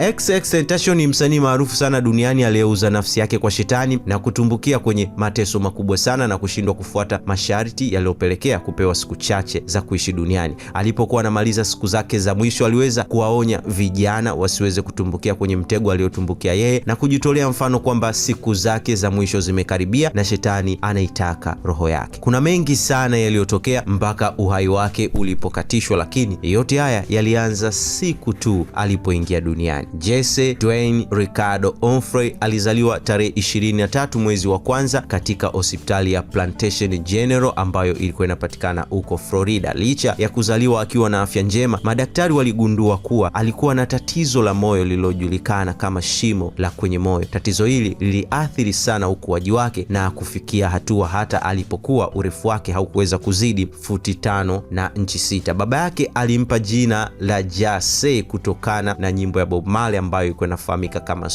XXXTentacion ni msanii maarufu sana duniani aliyeuza nafsi yake kwa shetani na kutumbukia kwenye mateso makubwa sana na kushindwa kufuata masharti yaliyopelekea kupewa siku chache za kuishi duniani. Alipokuwa anamaliza siku zake za mwisho, aliweza kuwaonya vijana wasiweze kutumbukia kwenye mtego aliyotumbukia yeye na kujitolea mfano kwamba siku zake za mwisho zimekaribia na shetani anaitaka roho yake. Kuna mengi sana yaliyotokea mpaka uhai wake ulipokatishwa, lakini yote haya yalianza siku tu alipoingia duniani. Jesse Dwayne Ricardo Onfrey alizaliwa tarehe 23 mwezi wa kwanza katika hospitali ya Plantation General ambayo ilikuwa inapatikana huko Florida. Licha ya kuzaliwa akiwa na afya njema, madaktari waligundua kuwa alikuwa na tatizo la moyo lililojulikana kama shimo la kwenye moyo. Tatizo hili liliathiri sana ukuaji wake na kufikia hatua hata alipokuwa urefu wake haukuweza kuzidi futi tano na inchi sita. Baba yake alimpa jina la Jase kutokana na nyimbo ya Bob Somali ambayo ilikuwa inafahamika kama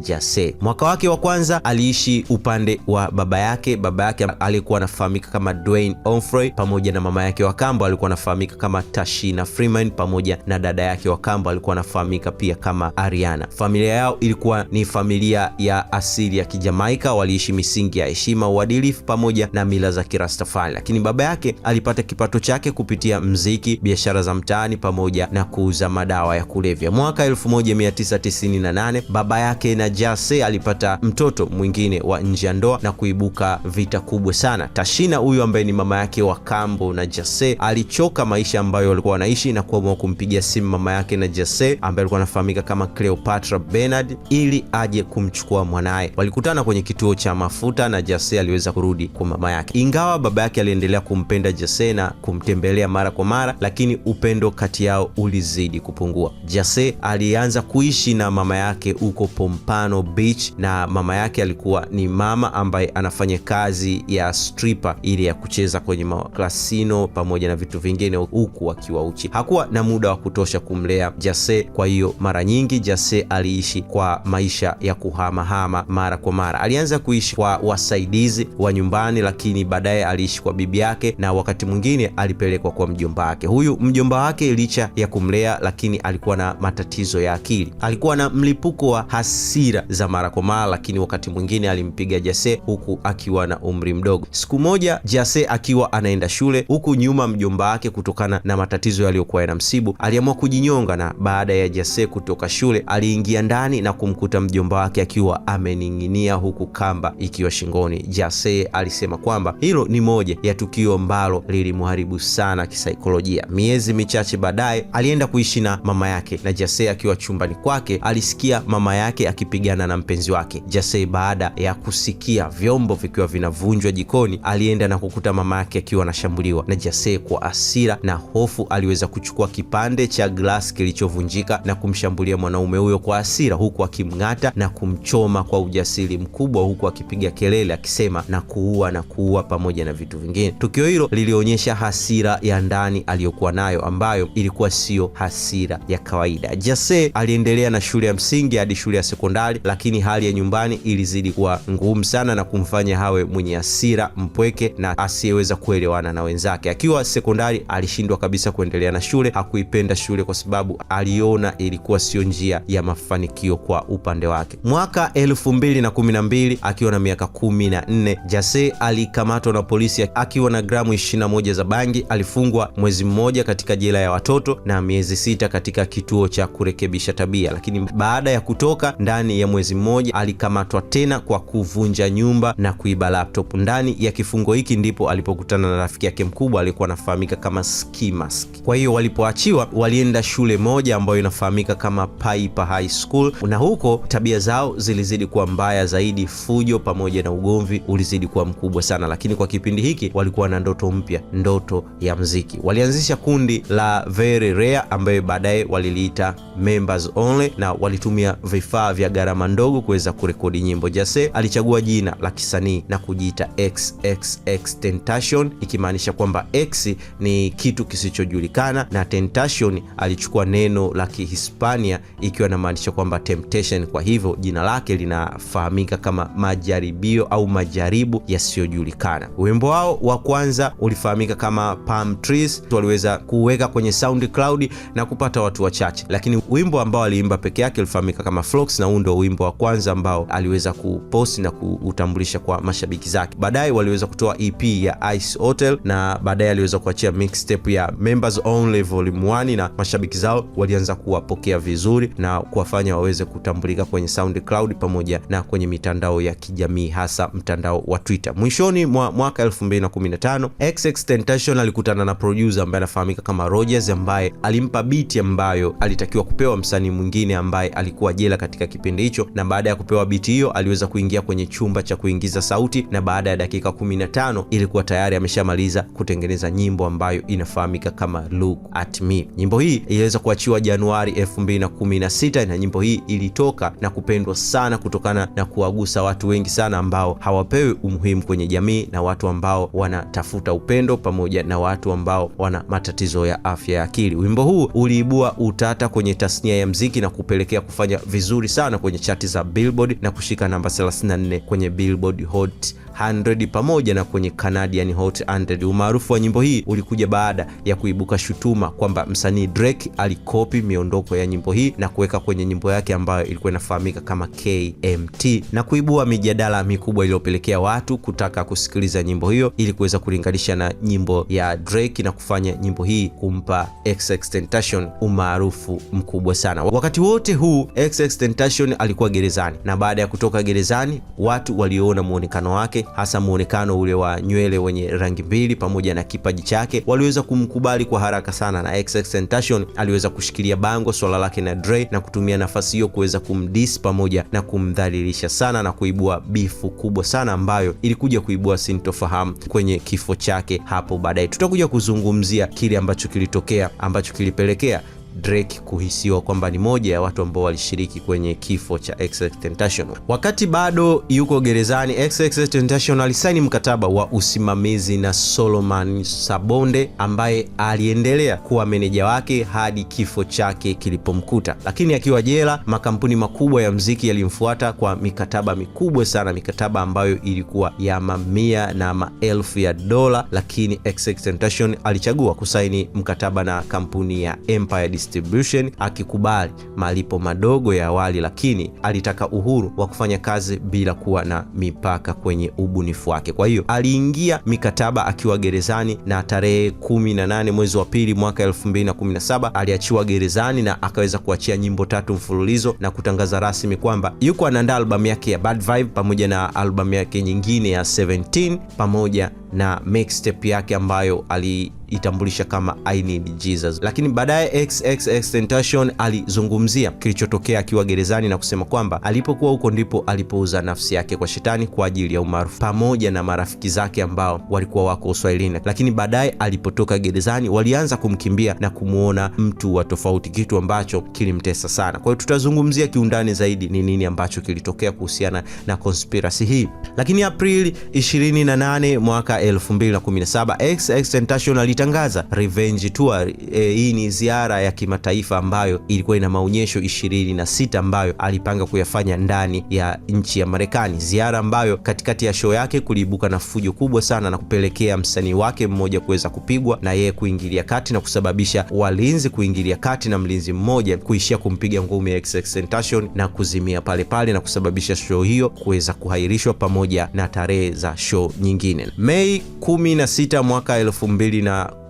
Jase. Mwaka wake wa kwanza aliishi upande wa baba yake. Baba yake alikuwa anafahamika kama Dwayne Onfroy, pamoja na mama yake wa kambo alikuwa anafahamika kama Tashina Freeman, pamoja na dada yake wa kambo alikuwa anafahamika pia kama Ariana. Familia yao ilikuwa ni familia ya asili ya Kijamaika, waliishi misingi ya heshima, uadilifu pamoja na mila za Kirastafari, lakini baba yake alipata kipato chake kupitia mziki, biashara za mtaani pamoja na kuuza madawa ya kulevya. Mwaka elfu moja 1998 baba yake na jase alipata mtoto mwingine wa nje ya ndoa na kuibuka vita kubwa sana. Tashina huyu ambaye ni mama yake wa kambo jase alichoka maisha ambayo walikuwa wanaishi na kuamua kumpigia simu mama yake na jase ambaye alikuwa anafahamika kama Cleopatra Bernard ili aje kumchukua mwanaye. Walikutana kwenye kituo cha mafuta na Jase aliweza kurudi kwa mama yake, ingawa baba yake aliendelea kumpenda Jase na kumtembelea mara kwa mara, lakini upendo kati yao ulizidi kupungua. Jase alianza kuishi na mama yake huko Pompano Beach, na mama yake alikuwa ni mama ambaye anafanya kazi ya stripper ili ya kucheza kwenye maklasino pamoja na vitu vingine, huku akiwa uchi. Hakuwa na muda wa kutosha kumlea Jase, kwa hiyo mara nyingi Jase aliishi kwa maisha ya kuhamahama mara kwa mara. Alianza kuishi kwa wasaidizi wa nyumbani, lakini baadaye aliishi kwa bibi yake na wakati mwingine alipelekwa kwa mjomba wake. Huyu mjomba wake licha ya kumlea, lakini alikuwa na matatizo ya akili akili. Alikuwa na mlipuko wa hasira za mara kwa mara, lakini wakati mwingine alimpiga Jase huku akiwa na umri mdogo. Siku moja Jase akiwa anaenda shule huku nyuma, mjomba wake kutokana na matatizo yaliyokuwa yanamsibu aliamua kujinyonga, na baada ya Jase kutoka shule aliingia ndani na kumkuta mjomba wake akiwa amening'inia huku kamba ikiwa shingoni. Jase alisema kwamba hilo ni moja ya tukio ambalo lilimharibu sana kisaikolojia. Miezi michache baadaye alienda kuishi na mama yake na Jase akiwa chumba nyumbani kwake alisikia mama yake akipigana na mpenzi wake. Jasei baada ya kusikia vyombo vikiwa vinavunjwa jikoni, alienda na kukuta mama yake akiwa anashambuliwa na Jasei. Kwa asira na hofu, aliweza kuchukua kipande cha glasi kilichovunjika na kumshambulia mwanaume huyo kwa asira, huku akimng'ata na kumchoma kwa ujasiri mkubwa, huku akipiga kelele akisema na kuua na kuua, pamoja na vitu vingine. Tukio hilo lilionyesha hasira ya ndani aliyokuwa nayo ambayo ilikuwa siyo hasira ya kawaida. Jasei aliendelea na shule ya msingi hadi shule ya sekondari, lakini hali ya nyumbani ilizidi kuwa ngumu sana na kumfanya hawe mwenye hasira, mpweke na asiyeweza kuelewana na wenzake. Akiwa sekondari, alishindwa kabisa kuendelea na shule. Hakuipenda shule kwa sababu aliona ilikuwa sio njia ya mafanikio kwa upande wake. Mwaka elfu mbili na kumi na mbili akiwa na miaka kumi na nne Jase alikamatwa na polisi akiwa na gramu 21 za bangi. Alifungwa mwezi mmoja katika jela ya watoto na miezi sita katika kituo cha kurekebisha tabia, lakini baada ya kutoka ndani ya mwezi mmoja alikamatwa tena kwa kuvunja nyumba na kuiba laptop. Ndani ya kifungo hiki ndipo alipokutana na rafiki yake mkubwa aliyekuwa anafahamika kama Skimask. Kwa hiyo walipoachiwa, walienda shule moja ambayo inafahamika kama Piper High School, na huko tabia zao zilizidi kuwa mbaya zaidi. Fujo pamoja na ugomvi ulizidi kuwa mkubwa sana, lakini kwa kipindi hiki walikuwa na ndoto mpya, ndoto ya mziki. Walianzisha kundi la Very Rare ambayo baadaye waliliita Members only, na walitumia vifaa vya gharama ndogo kuweza kurekodi nyimbo. Jase alichagua jina la kisanii na kujiita XXX Tentation, ikimaanisha kwamba X ni kitu kisichojulikana na Tentation alichukua neno la Kihispania ikiwa namaanisha kwamba temptation. Kwa hivyo jina lake linafahamika kama majaribio au majaribu yasiyojulikana. Wimbo wao wa kwanza ulifahamika kama Palm Trees, waliweza kuweka kwenye SoundCloud na kupata watu wachache, lakini wimbo ambao ambao aliimba peke yake ulifahamika kama Flocks, na huu ndio wimbo wa kwanza ambao aliweza kuposti na kuutambulisha kwa mashabiki zake. Baadaye waliweza kutoa EP ya Ice Hotel na baadaye aliweza kuachia mixtape ya Members Only Volume 1, na mashabiki zao walianza kuwapokea vizuri na kuwafanya waweze kutambulika kwenye SoundCloud pamoja na kwenye mitandao ya kijamii hasa mtandao wa Twitter. Mwishoni mwa mwaka 2015 XXXTentacion alikutana na producer ambaye anafahamika kama Rogers ambaye alimpa biti ambayo alitakiwa kupewa msanii mzabuni mwingine ambaye alikuwa jela katika kipindi hicho, na baada ya kupewa biti hiyo aliweza kuingia kwenye chumba cha kuingiza sauti, na baada ya dakika 15 ilikuwa tayari ameshamaliza kutengeneza nyimbo ambayo inafahamika kama Look at Me. Nyimbo hii iliweza kuachiwa Januari 2016 na nyimbo hii ilitoka na kupendwa sana kutokana na kuwagusa watu wengi sana ambao hawapewi umuhimu kwenye jamii na watu ambao wanatafuta upendo pamoja na watu ambao wana matatizo ya afya ya akili. Wimbo huu uliibua utata kwenye tasnia ya mziki muziki na kupelekea kufanya vizuri sana kwenye chati za Billboard na kushika namba 34 kwenye Billboard Hot 100 pamoja na kwenye Canadian Hot 100. Umaarufu wa nyimbo hii ulikuja baada ya kuibuka shutuma kwamba msanii Drake alikopi miondoko ya nyimbo hii na kuweka kwenye nyimbo yake ambayo ilikuwa inafahamika kama KMT na kuibua mijadala mikubwa iliyopelekea watu kutaka kusikiliza nyimbo hiyo ili kuweza kulinganisha na nyimbo ya Drake na kufanya nyimbo hii kumpa XXXTentacion umaarufu mkubwa sana. Wakati wote huu XXXTentacion alikuwa gerezani na baada ya kutoka gerezani watu waliona muonekano wake hasa muonekano ule wa nywele wenye rangi mbili pamoja na kipaji chake waliweza kumkubali kwa haraka sana, na XXXTentacion aliweza kushikilia bango swala lake na Dre na kutumia nafasi hiyo kuweza kumdis pamoja na kumdhalilisha sana na kuibua bifu kubwa sana ambayo ilikuja kuibua sintofahamu kwenye kifo chake hapo baadaye. Tutakuja kuzungumzia kile ambacho kilitokea ambacho kilipelekea Drake kuhisiwa kwamba ni moja ya watu ambao walishiriki kwenye kifo cha XXXTentacion. Wakati bado yuko gerezani, XXXTentacion alisaini mkataba wa usimamizi na Solomon Sabonde ambaye aliendelea kuwa meneja wake hadi kifo chake kilipomkuta. Lakini akiwa jela, makampuni makubwa ya mziki yalimfuata kwa mikataba mikubwa sana, mikataba ambayo ilikuwa ya mamia na maelfu ya dola, lakini XXXTentacion alichagua kusaini mkataba na kampuni ya Empire Distribution akikubali malipo madogo ya awali, lakini alitaka uhuru wa kufanya kazi bila kuwa na mipaka kwenye ubunifu wake. Kwa hiyo aliingia mikataba akiwa gerezani, na tarehe 18 mwezi wa pili mwaka 2017 aliachiwa gerezani na akaweza kuachia nyimbo tatu mfululizo na kutangaza rasmi kwamba yuko anaandaa albamu yake ya Bad Vibe pamoja na albamu yake nyingine ya 17 pamoja na mixtape yake ambayo ali alijitambulisha kama I need Jesus. Lakini baadaye XXXTentacion alizungumzia kilichotokea akiwa gerezani na kusema kwamba alipokuwa huko ndipo alipouza nafsi yake kwa shetani kwa ajili ya umaarufu pamoja na marafiki zake ambao walikuwa wako Uswahilini. Lakini baadaye alipotoka gerezani, walianza kumkimbia na kumwona mtu wa tofauti, kitu ambacho kilimtesa sana. Kwa hiyo tutazungumzia kiundani zaidi ni nini ambacho kilitokea kuhusiana na conspiracy hii. Lakini Aprili 28 mwaka 2017 XXXTentacion ikitangaza revenge tour. E, hii ni ziara ya kimataifa ambayo ilikuwa ina maonyesho ishirini na sita ambayo alipanga kuyafanya ndani ya nchi ya Marekani, ziara ambayo katikati ya show yake kuliibuka na fujo kubwa sana na kupelekea msanii wake mmoja kuweza kupigwa na yeye kuingilia kati na kusababisha walinzi kuingilia kati na mlinzi mmoja kuishia kumpiga ngumi ya XXXTentacion na kuzimia pale pale na kusababisha show hiyo kuweza kuhairishwa pamoja na tarehe za show nyingine. Mei 16 mwaka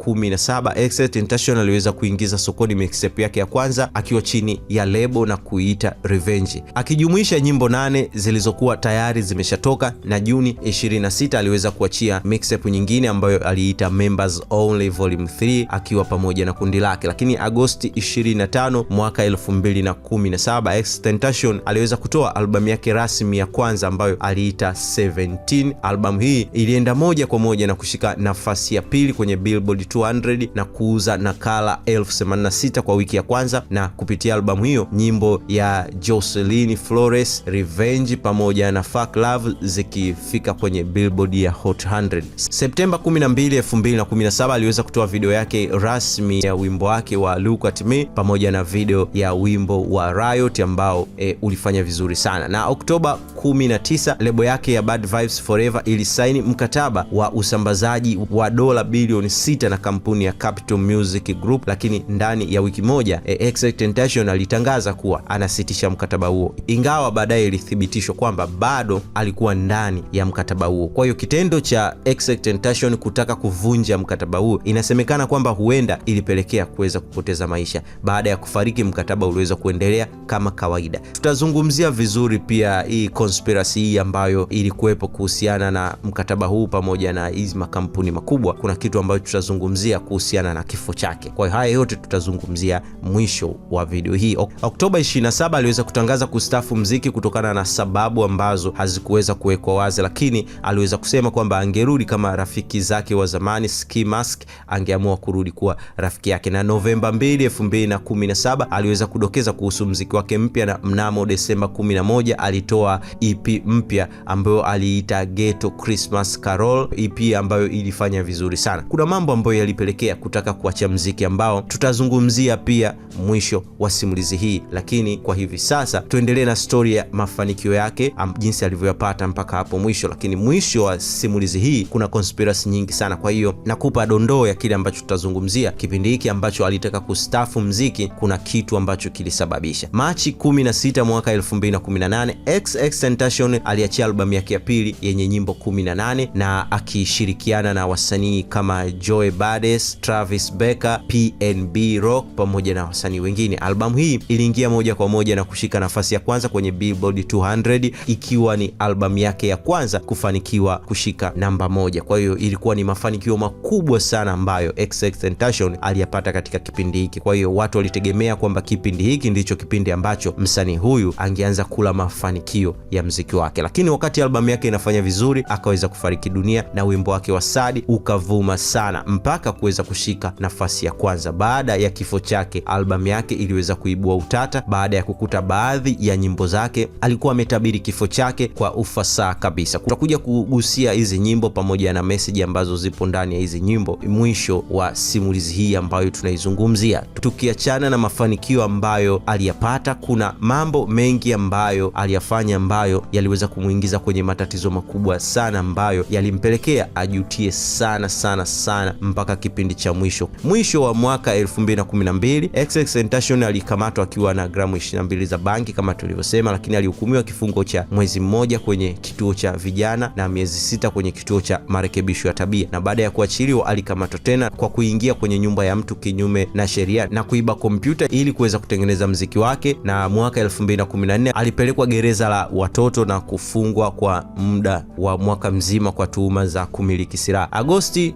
17 Exet International aliweza kuingiza sokoni mixtape yake ya kwanza akiwa chini ya lebo na kuiita Revenge, akijumuisha nyimbo nane zilizokuwa tayari zimeshatoka, na Juni 26 aliweza kuachia mixtape nyingine ambayo aliita Members Only Volume 3 akiwa pamoja na kundi lake. Lakini Agosti 25 mwaka 2017 International aliweza kutoa albamu yake rasmi ya kwanza ambayo aliita 17. Albamu hii ilienda moja kwa moja na kushika nafasi ya pili kwenye Billboard 200 na kuuza nakala 86 kwa wiki ya kwanza, na kupitia albamu hiyo nyimbo ya Jocelyn Flores, Revenge pamoja na Fuck Love zikifika kwenye Billboard ya Hot 100. Septemba 12, 2017 aliweza kutoa video yake rasmi ya wimbo wake wa Look at Me pamoja na video ya wimbo wa Riot ambao e, ulifanya vizuri sana, na Oktoba 19 lebo yake ya Bad Vibes Forever ilisaini mkataba wa usambazaji wa dola bilioni 6 na kampuni ya Capital Music Group, lakini ndani ya wiki moja XXXTentacion alitangaza kuwa anasitisha mkataba huo, ingawa baadaye ilithibitishwa kwamba bado alikuwa ndani ya mkataba huo. Kwa hiyo kitendo cha XXXTentacion kutaka kuvunja mkataba huo, inasemekana kwamba huenda ilipelekea kuweza kupoteza maisha. Baada ya kufariki, mkataba uliweza kuendelea kama kawaida. Tutazungumzia vizuri pia hii conspiracy hii ambayo ilikuwepo kuhusiana na mkataba huu pamoja na hizi makampuni makubwa. Kuna kitu ambacho tutazungumzia kuzungumzia kuhusiana na kifo chake. Kwa haya yote tutazungumzia mwisho wa video hii. Oktoba 27 aliweza kutangaza kustafu mziki kutokana na sababu ambazo hazikuweza kuwekwa wazi, lakini aliweza kusema kwamba angerudi kama rafiki zake wa zamani Ski Mask angeamua kurudi kuwa rafiki yake. Na Novemba 2, 2017 aliweza kudokeza kuhusu mziki wake mpya, na mnamo Desemba 11 alitoa EP mpya ambayo aliita Ghetto Christmas Carol, EP ambayo ilifanya vizuri sana. Kuna mambo ambayo yalipelekea kutaka kuacha mziki ambao tutazungumzia pia mwisho wa simulizi hii, lakini kwa hivi sasa tuendelee na stori ya mafanikio yake, jinsi alivyoyapata mpaka hapo mwisho. Lakini mwisho wa simulizi hii kuna conspiracy nyingi sana, kwa hiyo nakupa dondoo ya kile ambacho tutazungumzia kipindi hiki ambacho alitaka kustafu mziki. Kuna kitu ambacho kilisababisha. Machi 16 mwaka 218 xxtentation aliachia albamu yake ya pili yenye nyimbo 18 na akishirikiana na wasanii kama Joe Bades, Travis Becker, PnB Rock pamoja na wasanii wengine. Albamu hii iliingia moja kwa moja na kushika nafasi ya kwanza kwenye Billboard 200 ikiwa ni albamu yake ya kwanza kufanikiwa kushika namba moja. Kwa hiyo ilikuwa ni mafanikio makubwa sana ambayo XXXTentacion aliyapata katika kipindi hiki. Kwa hiyo watu walitegemea kwamba kipindi hiki ndicho kipindi ambacho msanii huyu angeanza kula mafanikio ya mziki wake, lakini wakati albamu yake inafanya vizuri akaweza kufariki dunia na wimbo wake wa sadi ukavuma sana mpaka mpaka kuweza kushika nafasi ya kwanza. Baada ya kifo chake, albamu yake iliweza kuibua utata baada ya kukuta baadhi ya nyimbo zake alikuwa ametabiri kifo chake kwa ufasaha kabisa. Tutakuja kugusia hizi nyimbo pamoja na meseji ambazo zipo ndani ya hizi nyimbo mwisho wa simulizi hii ambayo tunaizungumzia. Tukiachana na mafanikio ambayo aliyapata, kuna mambo mengi ambayo aliyafanya ambayo yaliweza kumwingiza kwenye matatizo makubwa sana ambayo yalimpelekea ajutie sana sana sana mpaka mpaka kipindi cha mwisho. Mwisho wa mwaka 2012 XXXTentacion alikamatwa akiwa na gramu 22 za bangi kama tulivyosema, lakini alihukumiwa kifungo cha mwezi mmoja kwenye kituo cha vijana na miezi sita kwenye kituo cha marekebisho ya tabia, na baada ya kuachiliwa alikamatwa tena kwa kuingia kwenye nyumba ya mtu kinyume na sheria na kuiba kompyuta ili kuweza kutengeneza mziki wake, na mwaka 2014 alipelekwa gereza la watoto na kufungwa kwa muda wa mwaka mzima kwa tuhuma za kumiliki silaha. Agosti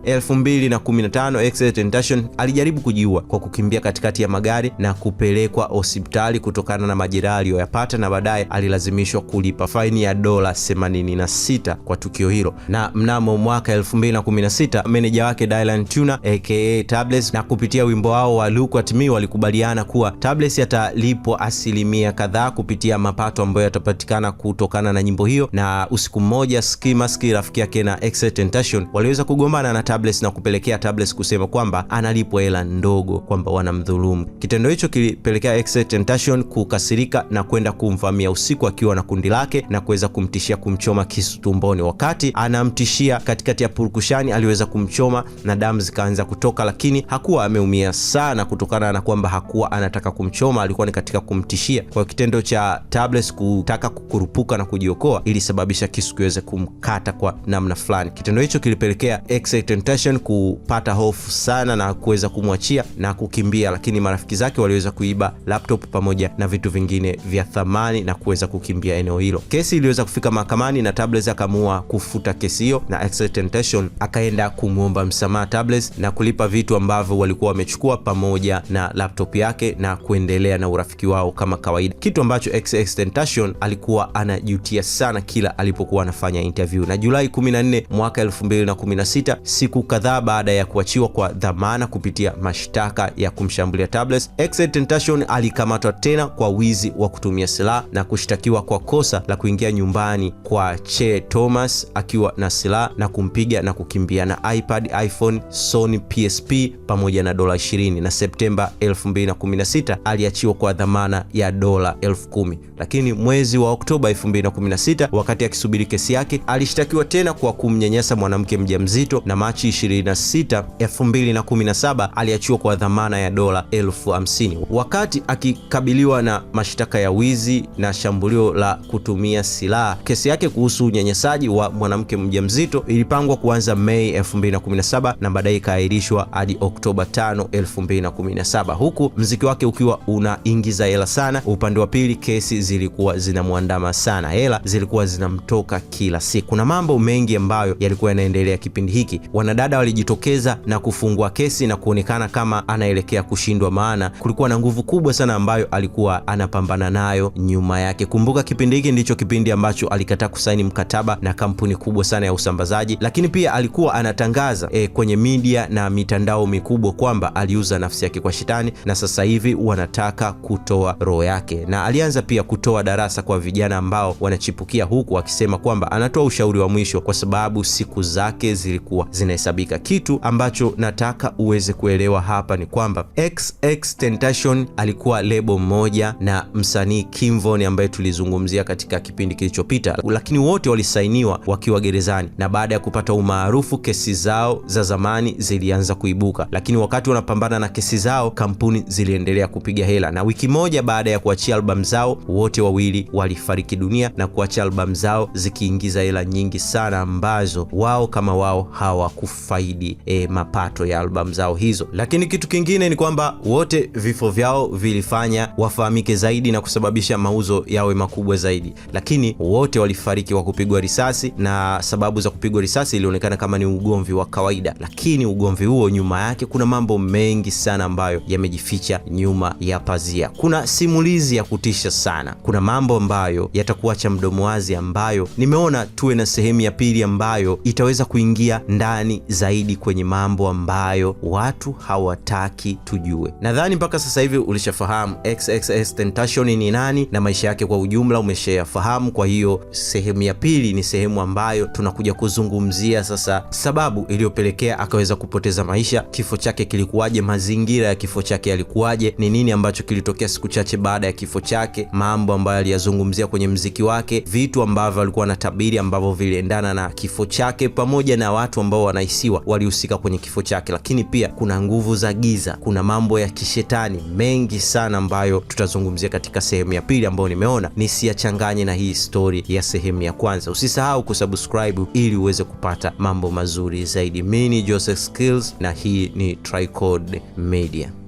15 Exeter Tentation alijaribu kujiua kwa kukimbia katikati ya magari na kupelekwa hospitali kutokana na majeraha aliyoyapata, na baadaye alilazimishwa kulipa faini ya dola 86 kwa tukio hilo. Na mnamo mwaka 2016 meneja wake Dylan Tuna aka Tabless, na kupitia wimbo wao wa Look at Me walikubaliana kuwa Tabless atalipwa asilimia kadhaa kupitia mapato ambayo yatapatikana kutokana na nyimbo hiyo. Na usiku mmoja skimaski rafiki yake na Tentation waliweza kugombana na Tabless na kupelekea Tablet kusema kwamba analipwa hela ndogo, kwamba wanamdhulumu. Kitendo hicho kilipelekea Extentation kukasirika na kwenda kumvamia usiku akiwa na kundi lake na kuweza kumtishia kumchoma kisu tumboni. Wakati anamtishia katikati ya purukushani, aliweza kumchoma na damu zikaanza kutoka, lakini hakuwa ameumia sana kutokana na kwamba hakuwa anataka kumchoma, alikuwa ni katika kumtishia. Kwa kitendo cha Tablet kutaka kukurupuka na kujiokoa, ilisababisha kisu kiweze kumkata kwa namna fulani. Kitendo hicho kilipelekea Extentation ku akapata hofu sana na kuweza kumwachia na kukimbia, lakini marafiki zake waliweza kuiba laptop pamoja na vitu vingine vya thamani na kuweza kukimbia eneo hilo. Kesi iliweza kufika mahakamani na Tablets akaamua kufuta kesi hiyo, na Extentation akaenda kumwomba msamaha Tablets na kulipa vitu ambavyo walikuwa wamechukua pamoja na laptop yake na kuendelea na urafiki wao kama kawaida, kitu ambacho Extentation alikuwa anajutia sana kila alipokuwa anafanya interview. Na Julai 14 mwaka 2016 siku kadhaa baada ya ya kuachiwa kwa dhamana kupitia mashtaka ya kumshambulia Tlaibas, XXXTentacion alikamatwa tena kwa wizi wa kutumia silaha na kushtakiwa kwa kosa la kuingia nyumbani kwa Che Thomas akiwa na silaha na kumpiga na kukimbia na iPad, iPhone, Sony, PSP pamoja na dola 20, na Septemba 2016 aliachiwa kwa dhamana ya dola 10,000. Lakini mwezi wa Oktoba 2016 wakati akisubiri kesi yake alishtakiwa tena kwa kumnyanyasa mwanamke mjamzito na Machi 26 Sita 2017 aliachiwa kwa dhamana ya dola elfu hamsini wakati akikabiliwa na mashtaka ya wizi na shambulio la kutumia silaha. Kesi yake kuhusu unyanyasaji wa mwanamke mjamzito ilipangwa kuanza Mei 2017 na baadaye ikaahirishwa hadi Oktoba 5, 2017 huku mziki wake ukiwa unaingiza hela sana. Upande wa pili, kesi zilikuwa zinamwandama sana, hela zilikuwa zinamtoka kila siku. Kuna mambo mengi ambayo yalikuwa yanaendelea kipindi hiki. Wanadada walijitokeza kucheza na kufungua kesi na kuonekana kama anaelekea kushindwa, maana kulikuwa na nguvu kubwa sana ambayo alikuwa anapambana nayo nyuma yake. Kumbuka kipindi hiki ndicho kipindi ambacho alikataa kusaini mkataba na kampuni kubwa sana ya usambazaji, lakini pia alikuwa anatangaza e, kwenye media na mitandao mikubwa kwamba aliuza nafsi yake kwa shetani na sasa hivi wanataka kutoa roho yake, na alianza pia kutoa darasa kwa vijana ambao wanachipukia, huku akisema kwamba anatoa ushauri wa mwisho kwa sababu siku zake zilikuwa zinahesabika kitu ambacho nataka uweze kuelewa hapa ni kwamba XXXTentacion alikuwa lebo moja na msanii Kimvon ambaye tulizungumzia katika kipindi kilichopita, lakini wote walisainiwa wakiwa gerezani, na baada ya kupata umaarufu kesi zao za zamani zilianza kuibuka, lakini wakati wanapambana na kesi zao kampuni ziliendelea kupiga hela, na wiki moja baada ya kuachia albamu zao wote wawili walifariki dunia na kuacha albamu zao zikiingiza hela nyingi sana ambazo wao kama wao hawakufaidi e, mapato ya albamu zao hizo. Lakini kitu kingine ni kwamba wote vifo vyao vilifanya wafahamike zaidi na kusababisha mauzo yawe makubwa zaidi, lakini wote walifariki kwa kupigwa risasi, na sababu za kupigwa risasi ilionekana kama ni ugomvi wa kawaida, lakini ugomvi huo nyuma yake kuna mambo mengi sana ambayo yamejificha nyuma ya pazia. Kuna simulizi ya kutisha sana, kuna mambo ambayo yatakuacha mdomo wazi, ambayo nimeona tuwe na sehemu ya pili ambayo itaweza kuingia ndani zaidi kwenye ni mambo ambayo watu hawataki tujue. Nadhani mpaka sasa hivi ulishafahamu XXX ni nani na maisha yake kwa ujumla umeshayafahamu. Kwa hiyo sehemu ya pili ni sehemu ambayo tunakuja kuzungumzia sasa sababu iliyopelekea akaweza kupoteza maisha, kifo chake kilikuwaje, mazingira ya kifo chake yalikuwaje, ni nini ambacho kilitokea siku chache baada ya kifo chake, mambo ambayo aliyazungumzia kwenye mziki wake, vitu ambavyo alikuwa na tabiri ambavyo viliendana na kifo chake, pamoja na watu ambao wanahisiwa walihusika kufika kwenye kifo chake, lakini pia kuna nguvu za giza, kuna mambo ya kishetani mengi sana ambayo tutazungumzia katika sehemu ya pili, ambayo nimeona nisiyachanganye na hii stori ya sehemu ya kwanza. Usisahau kusubscribe ili uweze kupata mambo mazuri zaidi. Mimi ni Joseph Skills na hii ni Tricod Media.